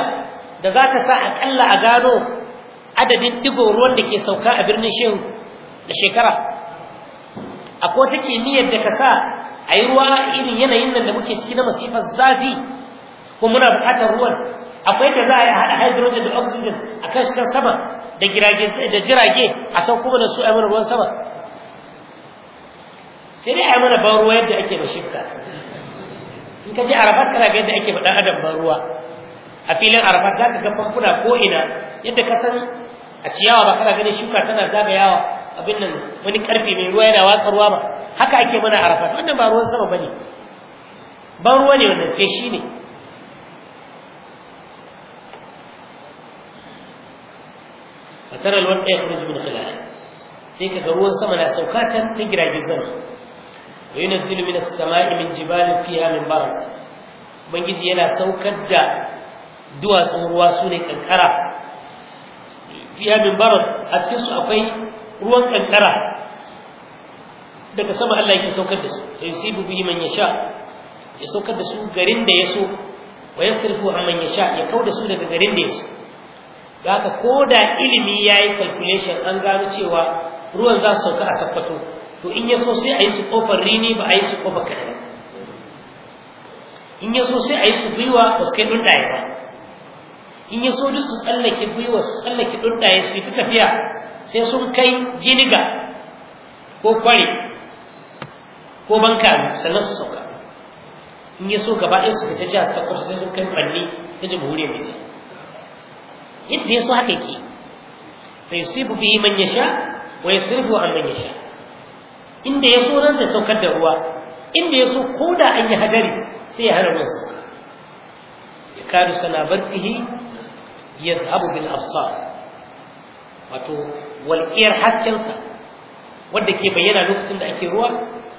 da za ta sa akalla a gano adadin digon ruwan da ke sauka a birnin shehu da shekara akwai wata kimiyyar da ka sa a yi ruwa irin yanayin nan da muke ciki na masifar zafi ko muna buƙatar ruwan akwai da za a yi haɗa hydrogen da oxygen a kan can sama da jirage a sau kuma da su a mana ruwan sama sai dai a yi mana ban ruwa yadda ake mashinka in ka je arafat kana ga yadda ake faɗan adam ban ruwa a filin arafat za ka ga fanfuna ko ina yadda ka san a ciyawa ba kana ganin shuka tana zagayawa abin nan wani karfi mai ruwa yana watsa ruwa ba haka ake mana arafat wannan ba ruwan sama bane ban ruwa ne wannan feshi ne fatar alwar ɗaya kuma jimin sai ka ga ruwan sama na sauka can ta giragizar sama wa yunzilu minas sama'i min jibalin fiha min ubangiji yana saukar da duwatsun ruwa su ne kankara fiha min barat a cikin su akwai ruwan kankara daga sama Allah yake saukar da su fa yusibu bihi man yasha ya saukar da su garin da yaso wa yasrifu amman yasha ya kauda su daga garin da yaso da haka koda ilimi yayi calculation an gano cewa ruwan za su sauka a sakkwato to in ya so sai a yi su kofar rini ba a yi su kofar ba in ya so sai a yi su gwiwa ba su kai dundaye ba in ya so duk su tsallake gwiwa su tsallake dundaye su yi ta tafiya sai sun kai giniga ko kwari ko banka sannan su sauka in ya so gaba ɗaya su fita jihar sakwar sai sun kai fanni ta jamhuriyar mai jihar yadda ya so haka yake fa yusibu bihi man yasha wa yasrifu an man yasha inda ya so nan sai saukar da ruwa inda ya so ko da an yi hadari sai ya hana ruwan sauka ya kadu sana barkihi ya zahabu bil wato walƙiyar haskensa wadda ke bayyana lokacin da ake ruwa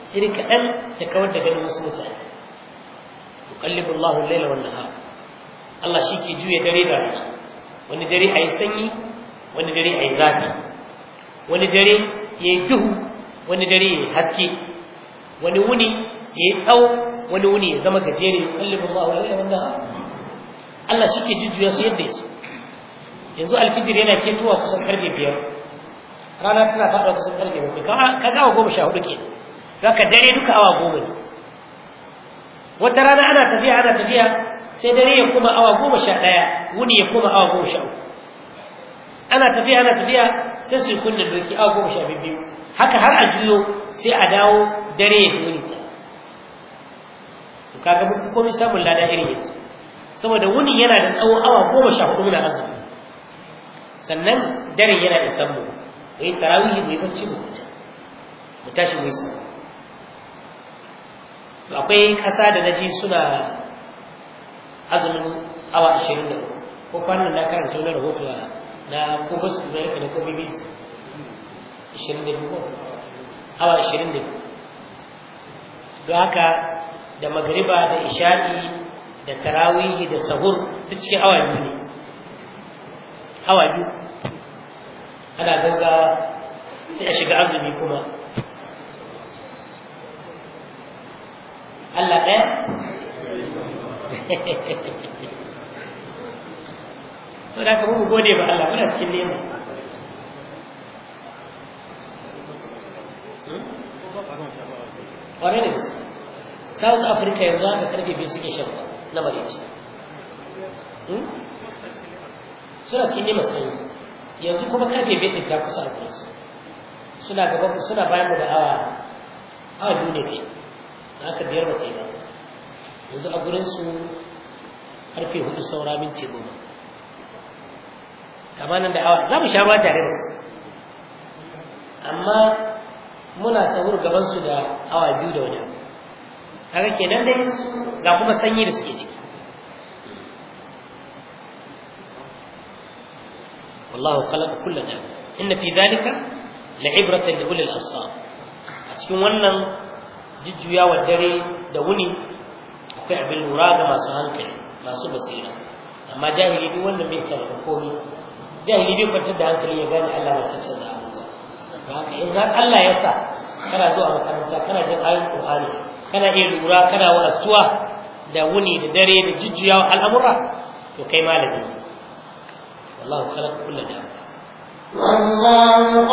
sai kaɗan ta kawar da ganin wasu mutane yuqallibu Allahu al-laila wan nahar Allah shi ke juya dare da rana wani dare ayi sanyi wani dare ayi zafi wani dare yayi duhu wani dare ya haske wani wuni ya yi tsawo wani wuni ya zama gajere ya kallibin ba wani ɗaya wannan Allah shi ke jujjuya su yadda ya so yanzu alfijir yana ketowa kusan karfe biyar rana tana faɗa kusan karfe bakwai ka ga awa goma sha hudu ke ka dare duka awa goma ne wata rana ana tafiya ana tafiya sai dare ya kuma awa goma sha ɗaya wuni ya kuma awa goma sha uku ana tafiya ana tafiya sai su yi kunnen doki awa goma sha biyu haka har a juyo sai a dawo dare ya fi wuni to kaga mun komai samun lada irin yanzu saboda wuni yana da tsawon awa goma sha hudu muna azumi sannan dare yana da sammu mu yi tarawih mai yi bacci mu huta mu tashi mu yi to akwai ƙasa da naji suna azumin awa ashirin da ko kwanan na karanta wani rahoto na ko basu da ko bbc biyu ko awa biyu. don haka da magriba da isha'i da tarawihi da sahur duk cikin awa biyu ne awa biyu ana ganga sai a shiga azumi kuma Allah ɗaya to da ka mu gode ba Allah muna cikin nema ƙwarai south africa yanzu haka karfe biyu suke shan na mareci hmm? suna cikin neman sanyi yanzu kuma karfe biyu ɗin ta kusa a su suna gaba suna bayan mu da awa awa biyu ne biyu na aka biyar ba ta yi ba yanzu a gurin su karfe hudu saura minti goma kama nan da awa za mu sha ba tare da su amma muna sahur gaban su da awa biyu da wani abu kaga kenan dai su ga kuma sanyi da suke ciki wallahu khalaqa kullu dam inna fi dhalika la'ibratan li ulil absar a cikin wannan jujjuyawa dare da wuni akwai abin lura ga masu hankali masu basira amma jahili duk wannan bai sarrafa komai jahili bai kwantar da hankali ya gane Allah ba ta canza da in Allah ya sa kana zuwa makaranta kana jin ayoyin Qur'ani kana iya lura kana wasuwa da wuni da dare da jujjuyawa al'amura to kai malami wallahu khalaqa kullu da'a والله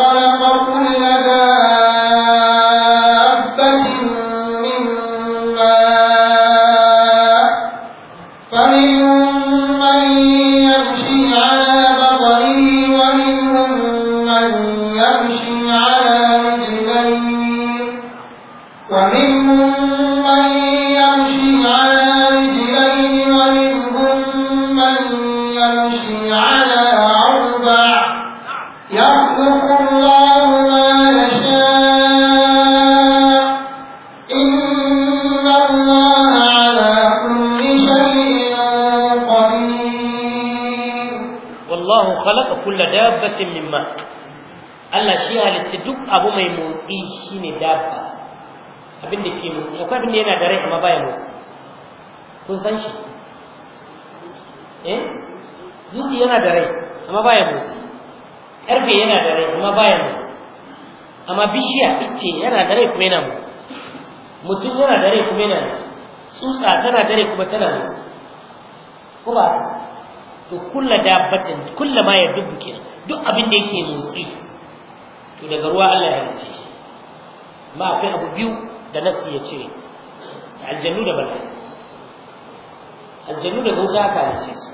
kulla dabbatin mimma Allah shi halicci duk abu mai motsi shine dabba abin da ke motsi akwai abin da yana da rai amma baya motsi kun san shi eh dutse yana da rai amma baya motsi karfe yana da rai amma baya motsi amma bishiya icce yana da rai kuma yana motsi mutum yana da rai kuma yana motsi tsutsa tana da rai kuma tana motsi kuma to kulla dabbatin kulla ma ya dubu kenan duk abin da yake motsi to daga ruwa Allah ya ce ma akwai abu biyu da nasi ya cire aljannu da bala'i aljannu da wuta ya rance su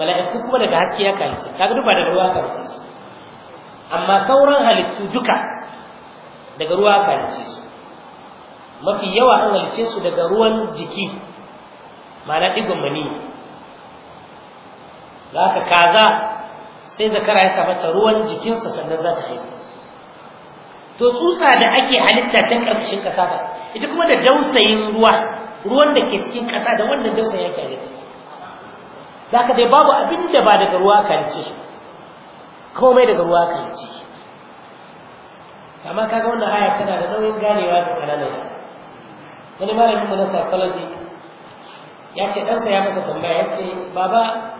mala'iku kuma daga haske ya rance kaga duba daga ruwa ka rance su amma sauran halittu duka daga ruwa ka rance su mafi yawa an halice su daga ruwan jiki ma'ana digon maniyi Za ka kaza sai zakara ya sa ruwan jikinsa sannan za ta haihu to tsusa da ake halitta can karkashin ƙasa ba ita kuma da dausayin ruwa ruwan da ke cikin ƙasa da wannan dausayin yake halitta za ka dai babu abin da ba daga ruwa ka halice komai daga ruwa ka halice amma kaga wannan aya tana da nauyin ganewa da kananan wani malamin mu na psychology ya ce ɗansa ya masa tambaya ya ce baba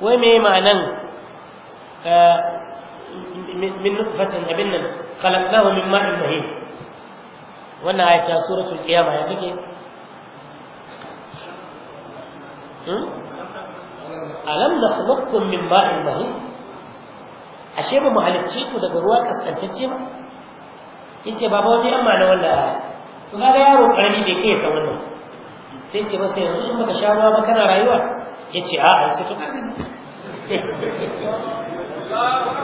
wai me ma'anan min nutfatin abin nan khalaqnahu min ma'in mahin wannan ayata suratul qiyama ya take hmm? alam nakhluqukum min ma'in mahin ashe ba mahalicci ku daga ruwa kaskantacce ba ce ba wani amma na wannan a to ga yaro karami bai kai sa wannan sai ce ba sai yanzu in baka sha ruwa ba kana rayuwa ya ce a a ce to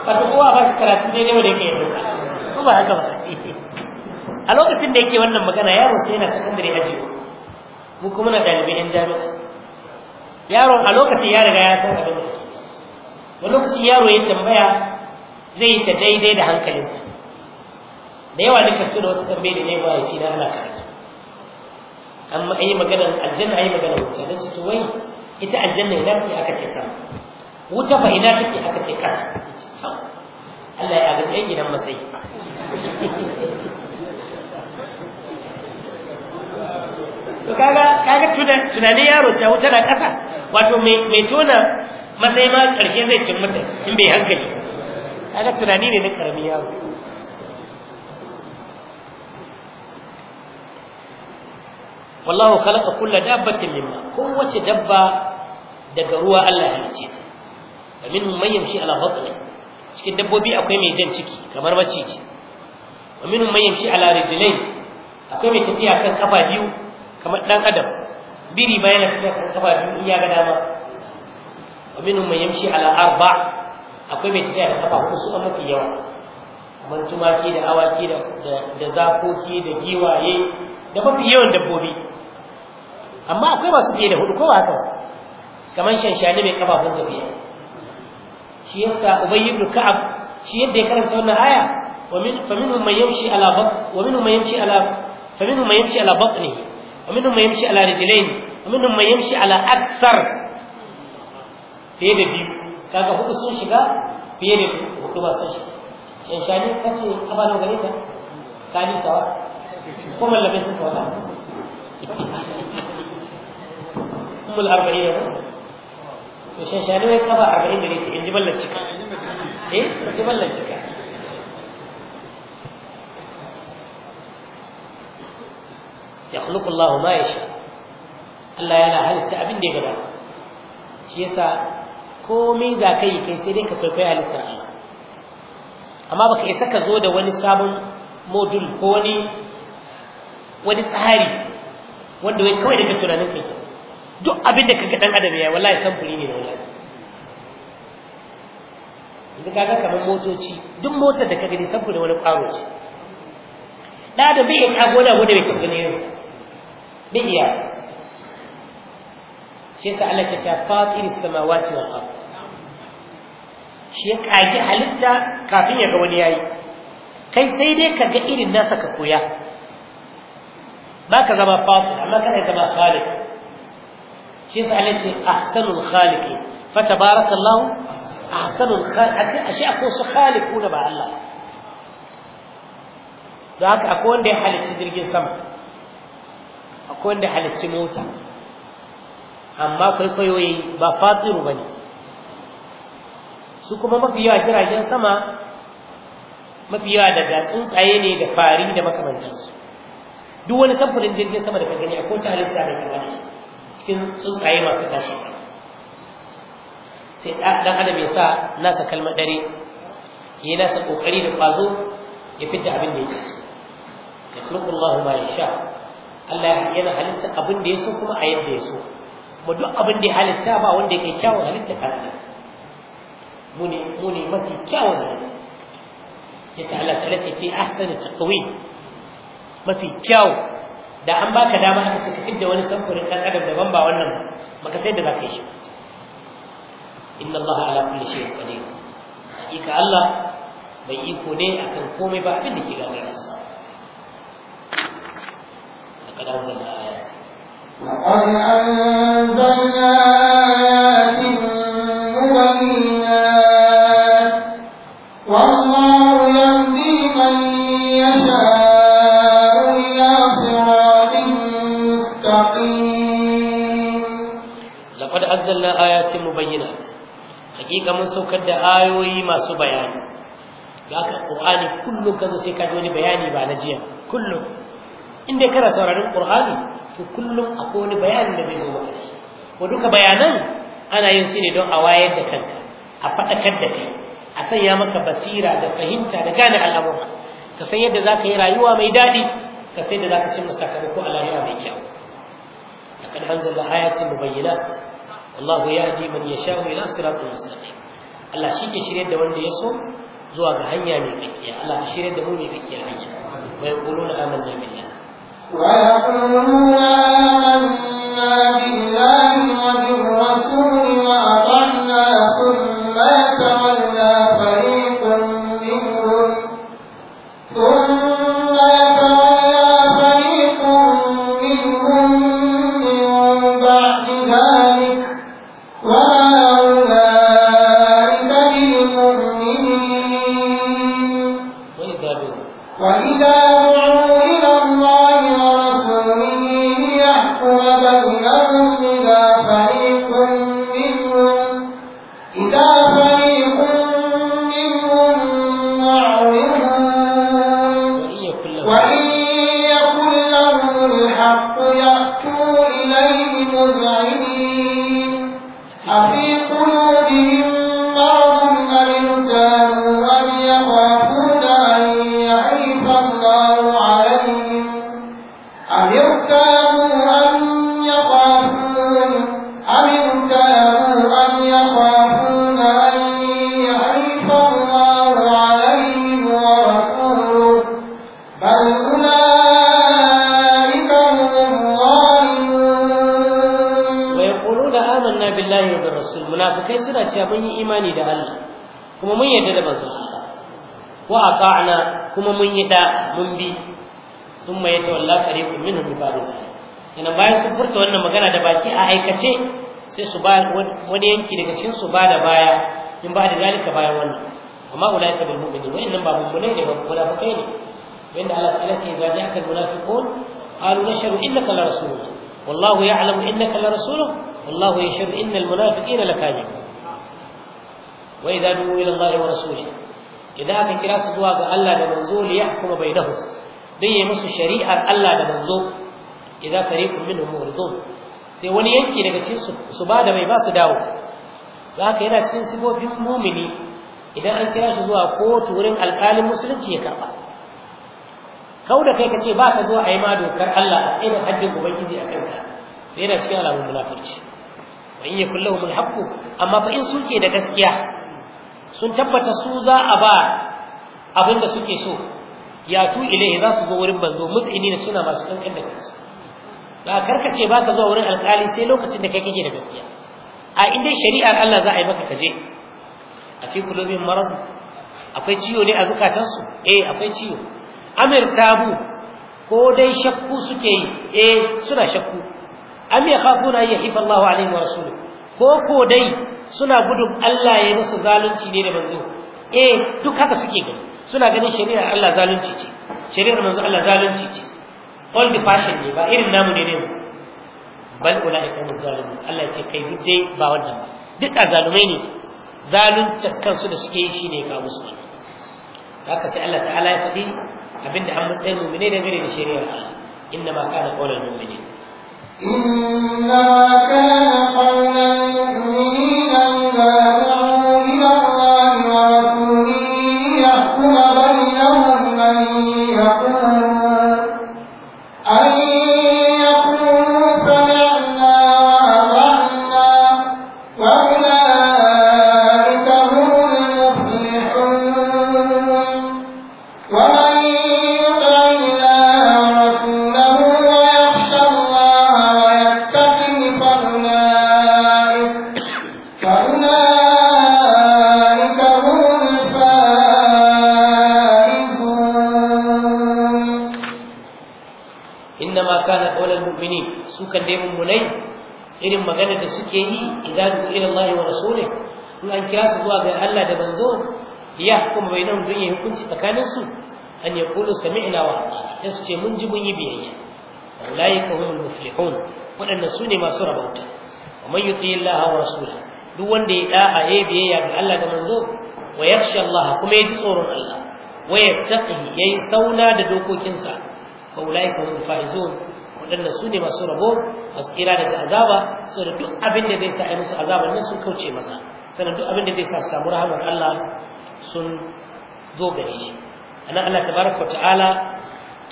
wato kowa ba shi karatu ne yau da yake yanzu ko ba haka ba a lokacin da yake wannan magana yaro sai yana sakandare aji mu kuma na dalibi yan jami'a Yaro a lokacin ya riga ya san abin da wani lokacin yaro ya tambaya zai yi ta daidai da hankalinsa da yawa duka su da wata tambaye da ne ba ya fi na ana karatu amma an yi maganar aljanna an yi maganar wuta na ce to wai ita aljanna ina take aka ce sama wuta fa ina take aka ce kasa Allah ya yan gidan masai to kaga kaga tunani yaro ce wuta na kasa wato mai tona masai ma karshe zai cin mutum in bai hankali kaga tunani ne na karami yaro wallahu khalaqa kulla dabbatin mimma kowace dabba daga ruwa Allah ya halice ta fa minhum man yamshi ala batni cikin dabbobi akwai mai jan ciki kamar maciji wa minhum man yamshi ala rijlain akwai mai tafiya kan kafa biyu kamar dan adam biri bayan yana tafiya kan kafa biyu in ya ga dama wa minhum man yamshi ala arba akwai mai tafiya kan kafa ko su mafi yawa kamar tumaki da awaki da zakoki da giwaye da mafi yawan dabbobi amma akwai masu fiye da hudu ko haka kamar shanshani mai kafafun tafiya shi yasa ubay ibn ka'ab shi yadda ya karanta wannan aya wa min faminhum man yamshi ala bab wa minhum man yamshi ala faminhum man yamshi ala batni wa minhum man yamshi ala rijlain wa minhum man yamshi ala aksar fiye da biyu kaga hudu sun shiga fiye da hudu ba sun shiga shanshani kace kafanin gare ka ka ni tawa ko mallabe sun tawa ummul arba'in ba to shan shanu ya kafa arba'in da nake in ji ballan cika eh in ji ballan cika yakhluqu Allah ma yasha Allah yana halitta abin da ya gada shi yasa komai za ka yi kai sai dai ka kwaikwayi halittar Allah amma baka isa ka zo da wani sabon modul ko wani tsari wanda wai kawai daga tunanin kai duk abin da kaga dan adam yayi wallahi samfuri ne na wallahi idan ga kamar motoci duk motar da kaga ni samfuri wani kwaro ce da da bai ka gona gode bai cikin ne yanzu bai iya shi yasa Allah ya ce sama, samawati wal ard shi ya kage halitta kafin ya ga wani yayi kai sai dai ka ga irin nasa ka koya ba ka zama fatir amma kana zama khaliq shi yasa Allah ce ahsanul khaliqin fa tabarakallahu ahsanul khaliqin ashe akwai su khaliqu da ba Allah da haka akwai wanda ya halicci jirgin sama akwai wanda ya halicci mota amma kwaikwayoyi ba fatiru bane su kuma mafi yawa jiragen sama mafi yawa daga tsuntsaye ne da fari da makamantansu duk wani samfurin jirgin sama da ka gani akwai ta halitta da ke wani cikin tsuntsaye masu tashi sama sai ɗan adam ya sa nasa kalmar dare ya yi nasa ƙoƙari da ƙwazo ya fidda abin da yake so ya kulku Allahu ma ya yasha Allah yana halitta abin da ya so kuma a yadda ya so kuma duk abin da ya halitta ba wanda ya kai kyawun halitta kana mu ne mu ne mafi kyawun halitta yasa Allah ta lace fi ahsani taqwim mafi kyawun da an baka dama aka ce ka fidda wani samfurin dan adam daban ba wannan maka sai da za ka yi shi inna allaha ala kulli shay'in qadir hakika allah bai iko ne akan komai ba abin da ke gagarar sa laqad anzalna ayati laqad ayatin mubayyinat hakika mun saukar da ayoyi masu bayani da aka qur'ani kullum kazo sai ka ji wani bayani ba na jiya kullum inda kana sauraron qur'ani to kullum akwai wani bayani da zai zo maka ko duka bayanan ana yin su ne don a wayar da kanka a faɗakar da kai a sanya maka basira da fahimta da gane al'amura ka san yadda za ka yi rayuwa mai daɗi ka san yadda za ka cimma sakamako a lahira mai kyau لقد أنزل آيات مبينات wallahu yahdi man yasha'u ila siratin mustaqim Allah shi ke shirye da wanda ya so zuwa ga hanya mai kakkiya Allah shi shirye da mu mai kakkiya hanya wa yaquluna amanna billah wa yaquluna amanna billahi wa bir rasuli wa قلوبهم cewa mun yi imani da Allah kuma mun yarda da manzon wa ata'na kuma mun yi da mun bi sun mai tawalla fariqun minhum ba'da ina bayan su furta wannan magana da baki a aikace sai su ba wani yanki daga cikin su ba da baya in ba da zalika baya wannan amma ulaika bil mu'minin wa'annan ba mu'minai ne ba kuma munafikai ne wanda Allah ta'ala sai ya zaka munafiqun qalu nashhadu innaka la rasulullah wallahu ya'lamu innaka la rasuluhu والله يشهد إن المنافقين لكاذبون wa idza du'u ila Allah wa rasulih idan aka kira su zuwa ga Allah da manzo li yahkuma bainahum dan yayi musu shari'ar Allah da manzo idza fariqun minhum muridun sai wani yanki daga cikin su su bada mai ba su dawo haka yana cikin sifofin mumini idan an kira shi zuwa kotu wurin alƙalin musulunci ya karɓa kau da kai ka ce ba ka zo a yi ma dokar Allah a tsinin haddin ubangiji a kanka da yana cikin alamun munafurci wa in yakun lahum alhaqqu amma fa in suke da gaskiya sun tabbata su za a ba abin da suke so ya tu ilaihi za su zo wurin banzo mutsini ne suna masu kankan da kansu ba karkace ba ka zuwa wurin alkali sai lokacin da kai kake da gaskiya a inda shari'ar Allah za a yi maka kaje a fi kulubin marad akwai ciwo ne a zukatansu eh akwai ciwo amir tabu ko dai shakku suke yi eh suna shakku am yakhafuna yahifa Allahu alaihi wa rasuluhu ko ko dai suna gudun Allah ya musu zalunci ne da manzo eh duk haka suke gani suna ganin shari'ar Allah zalunci ce shari'ar manzo Allah zalunci ce all the fashion ne ba irin namu ne ne bal ulaika hum zalimun Allah ce kai duk dai ba wannan Duk duk zalumai ne zalunta kansu da suke yi shine ka musu wannan haka sai Allah ta'ala ya faɗi abinda an matsayin mu'mini da gare da shari'ar Allah inna ma kana qawlan mu'minin inna ma kana qawlan mu'minin dukkan dai mummunai irin magana da suke yi idan ila Allah wa rasuli in an kira su zuwa ga Allah da manzo ya kuma bai nan dun yi hukunci tsakanin su an ya kulu sami'na wa sai su ce mun ji mun yi biyayya wallahi ka humul muflihun waɗannan su ne masu rabauta wa man yuti Allah wa rasulah duk wanda ya da'a ya biyayya ga Allah da manzo wa yakhsha Allah kuma ya ji tsoron Allah wa yattaqi yayi sauna da dokokinsa fa ulai ka humul faizun waɗannan su ne masu rabo masu tsira daga azaba da duk abin da zai sa ai musu azaba nan sun kauce masa sannan duk abin da zai sa samu rahamar Allah sun zo gare shi anan Allah tabaraka wa ta'ala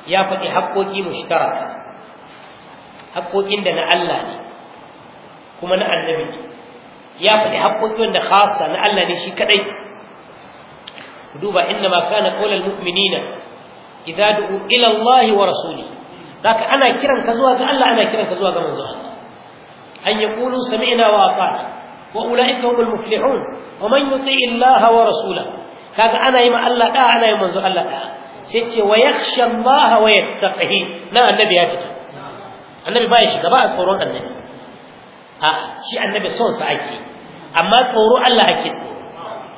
ya faɗi haƙƙoƙi mushtaraka haƙƙoƙin da na Allah ne kuma na annabi ne ya faɗi haƙƙoƙi wanda khassa na Allah ne shi kaɗai duba inna ma kana qaulal mu'minina idza du'u ila Allah wa rasulihi zaka ana kiran ka zuwa ga Allah ana kiran ka zuwa ga manzo Allah an yaqulu sami'na wa ata'na wa ulaika humul muflihun wa man yuti illaha wa rasulahu kaga ana yi ma Allah da ana yi manzo Allah da sai ce wa yakhsha Allah wa yattaqihi na annabi ya fita annabi ba ya shiga ba a tsoron annabi a shi annabi son sa ake amma tsoro Allah ake tsoro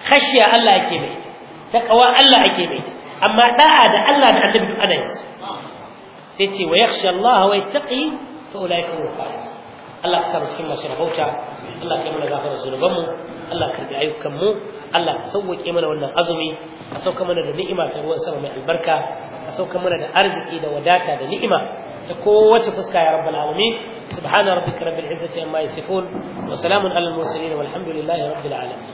khashiya Allah ake mai takawa Allah ake mai amma da'a da Allah da annabi duk ana yi sai ce wa yakhsha Allah wa yattaqi fa ulaika hum al-faizun Allah ka samu cikin masu rahauta Allah ka yi mana gafarar zunuban mu Allah ka rubi ayyukan mu Allah ka sauke mana wannan azumi ka sauka mana da ni'ima ta ruwa sama mai albarka ka sauka da arziki da wadata da ni'ima ta kowace fuska ya rabbal alamin subhana rabbika rabbil izzati amma yasifun wa salamun alal mursalin walhamdulillahi rabbil alamin